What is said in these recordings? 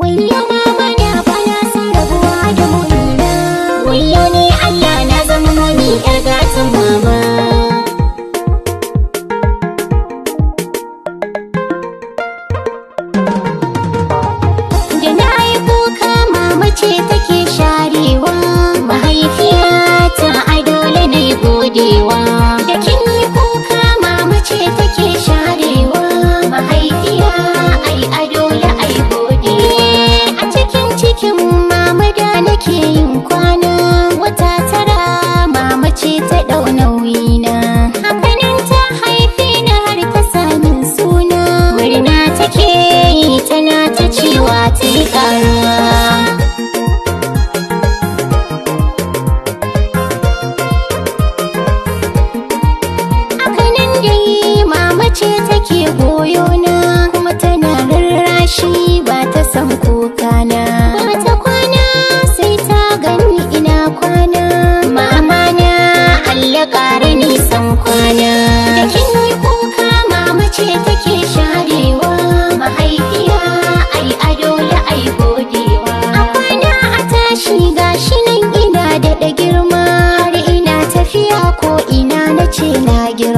Wai yau mama ban kwana wata tara mama ce ta ɗau nauyina hakanan ta haifi ni har ta samin suna murna take yi tana ta cewa ta yi mama ce take goyo na kuma tana rarrashi ce na girma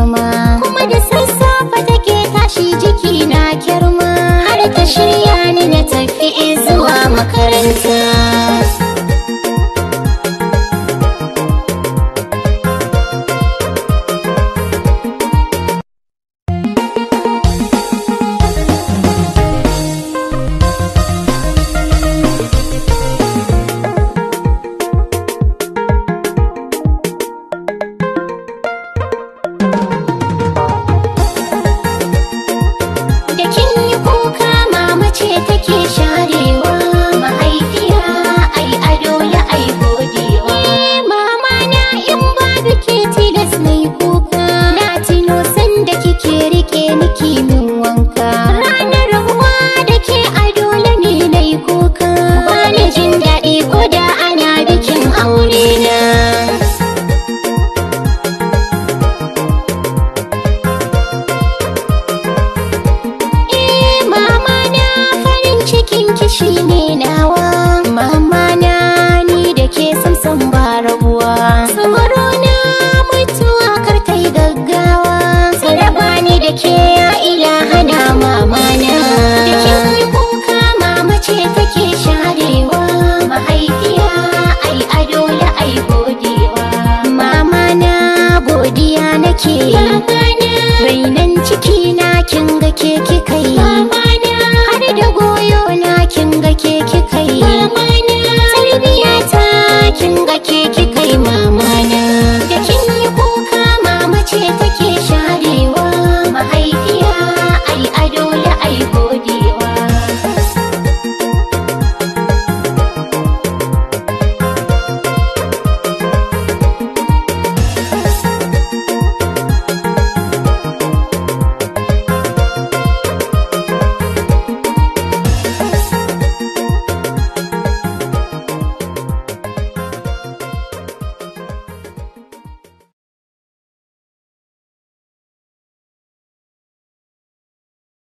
ki min wanka ranar ruwa da ke a dole ne na yi kuka bani jin daɗi guda. ana bikin aurena. eh mama na farin cikin ki shine na godiya nake rainan ciki na kinga keke kai. kikai har da goyo na kinga ga